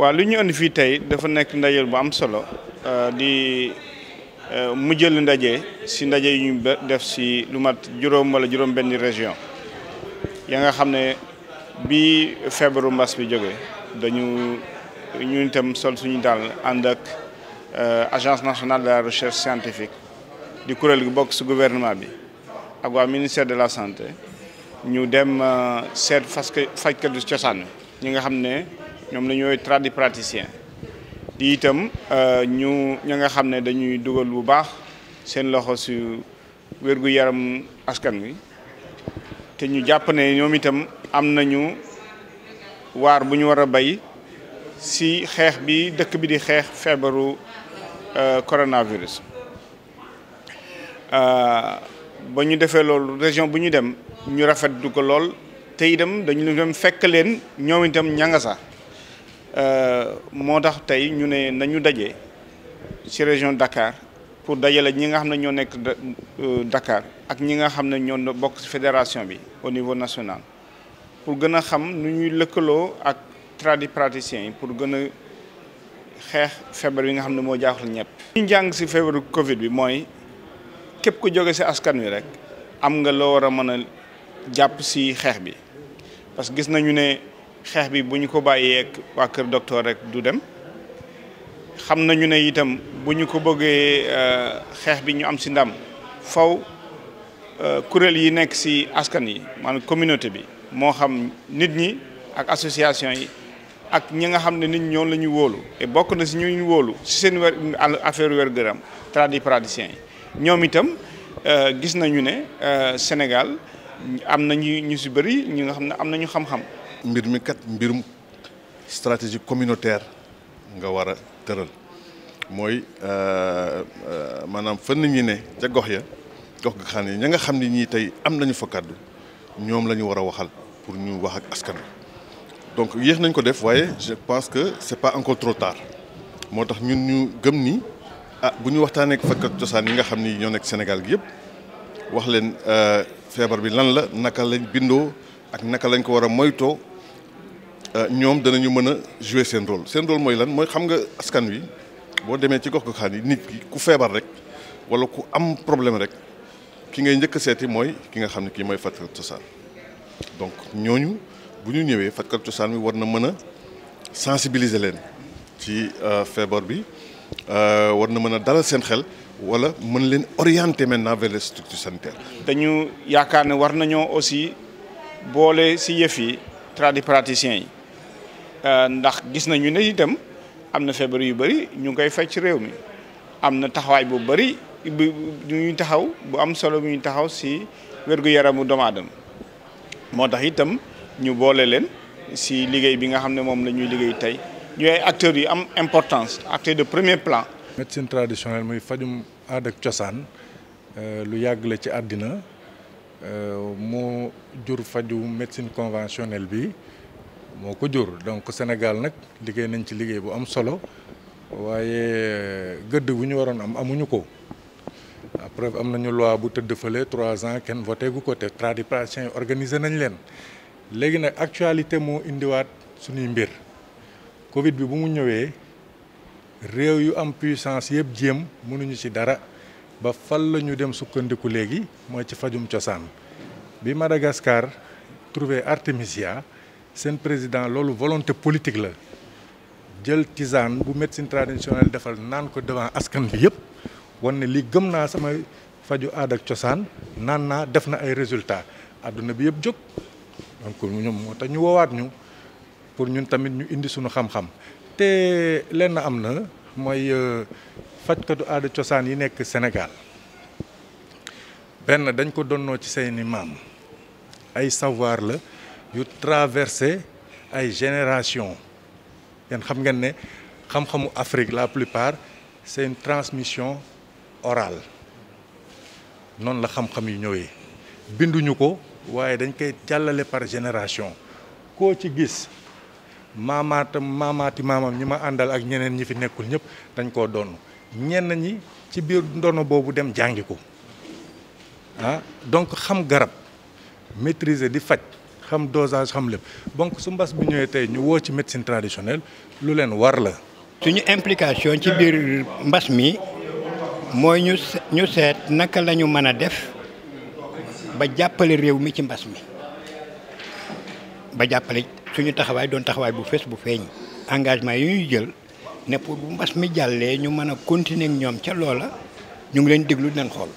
waaw li ñu indi fii tey dafa nekk ndajeel bu am solo euh, di euh, mu jël ndaje si ndaje yu ñu def si lu mat juróom wala juróom benn région ya nga xam ne bi feebaru mbas bi jóge dañu ñu itam sol suñu daal ànd ak euh, agence nationale de la recherche scientifique di kuréel gi bokk si gouvernement bi ak waa ministère de la santé ñu dem seet fas fajkatu cosaan ñi nga xam ne ñoom la ñooy tradipraticien di itam euh, ñu ña nga xam ne dañuy dugal bu baax seen loxo su wérgu yaram askan wi ñu itam am nañu war a bay si xeex bi dëkk bi di xeex feebaru euh, coronavirus euh, ba ñu defee loolu région bu ñu dem ñu rafet du ko lool te itam dañu dem fekk leen itam ñanga Euh, moo tax tay ñu né nañu dajé ci région Dakar pour dajé la ñi nga xam ne ñoo nek euh, Dakar ak ñi nga xam ne ñoo bokk ci fédération bi au niveau national pour gëna xam nu ñuy lekkelo ak tradipraticiens yi pour gëna xex xeex feebar nga xam ne moo jaaxal ñëpp. ñu jang ci feebaru Covid bi moy képp ku joggé ci askan wi rek am nga lo wara mëna japp ci xex bi parce que gis nañu né xex bi buñ ko bàyyee ak waa kër docteur rek du dem xam nañu ne itam buñ ko bëggee euh, xex bi ñu am si ndam faw euh, kurel yi nekk ci askan yi man communauté bi mo xam nit ñi ak association yi ak ñi nga xam ne nit ñoom lañu wolu wóolu et bokk na ci ñu ñu wóolu si seen wer affaire wér gëram yaram praticien ñom ñoom itam euh, gis nañu ne Sénégal am na ñu ñu si bëri ñi nga xam ne am nañu xam-xam mbir mi kat mbirum stratégie communautaire nga war a tëral mooy euh, euh, maanaam fa ñi ne ca gox ya gox ga xam ne ña nga xam ne ñii tey am nañu fa kàddu ñoom la ñu war waxal pour ñu wax ak askan donc yéex nañ ko def waaye je pense que c'est pas encore trop tard moo tax ñun ñu gëm ni ah bu ñu waxtaanee ak faj ak cosaan yi nga xam ni ñoo nekk Sénégal gi yëpp wax leen euh, feebar bi lan la naka lañ bindoo ak naka lañ ko war a Euh, ñoom danañu mën a jouer seen rôle seen rôle mooy lan mooy xam nga askan wi boo demee ci gox goxaan yi nit ki ku feebar rek wala ku am problème rek ki ngay njëkk seeti mooy ki nga xam ne kii mooy fajkatu cosaan donc ñooñu bu ñu ñëwee fajkatu cosaan bi war na mën a sensibiliser leen ci euh, feebar bi euh, war na mën a dalal seen xel wala mën leen orienter maintenant vers les structures sanitaires. dañu yaakaar ne war nañoo aussi boole si yëf yi tradipraticiens yi. Euh, ndax gis nañu ne itam am na feebar yu bëri ñu ngay koy faj ci réew mi am na taxawaay bu bëri bu ñuy taxaw bu am solo bu ñuy taxaw si wér-gu-yaramu doomu moo tax itam ñu boole leen si liggéey bi nga xam ne moom la ñuy liggéey tey ñu ay acteurs yu am importance acteurs de premier plan. médecine traditionnelle muy fajum aada ak cosaan euh, lu yàgg la ci àddina euh, moo jur faju médecine conventionnelle bi. moo ko jur donc Sénégal nag liggéey nañ ci liggéey bu am solo waaye gëdd bu ñu waroon am amuñu ko après am nañu loi bu tëdd fële trois ans kenn voté gu ko te tradipraticiens yi organisé nañ leen léegi nag actualité moo indiwaat suñuy mbir Covid bi bu mu ñëwee réew yu am puissance yëpp jéem mënuñu ci dara ba fal la ñu dem sukkandiku léegi mooy ci fajum cosaan bi Madagascar trouvé Artemisia sen président loolu volonté politique la djel tisane bu médecine traditionnelle defal nan ko devant askan bi yëpp wan li lii sama faju aada ak cosaan naan naa defna ay résultats aduna bi yëpp djok donc ñom moo ñu woowaat ñu pour ñun tamit ñu indi suñu xam-xam te lenn am na mooy euh, fajkatu aada cosaan yi nek Sénégal Ben dañ ko donno ci seeni mam ay savoir la You traversé ay génération Et xam ngeen ne xam-xamu Afrique la plupart c'est une transmission orale noonu la xam-xam yu ñëwee binduñu ko waaye dañ koy jàllale par génération koo ci gis maamaatam maamaati maamam ñi ma àndal ak ñeneen ñi fi nekkul dañ ñi ci ndono dem ko ah donc xam di xam dosage xam lépp donc su mbas bi ñëwee tey ñu woo ci médecine traditionnelle lu leen war la. suñu implication ci biir mbas mi mooy ñu seet naka lañu ñu mën a def ba jàppale réew mi ci mbas mi ba jàppale suñu taxawaay doon taxawaay bu fees bu feeñ. engagement yi ñuy jël ne pour bu mbas mi jàllee ñu mën a continuer ñoom ca loola ñu ngi leen déglu dinañ xool.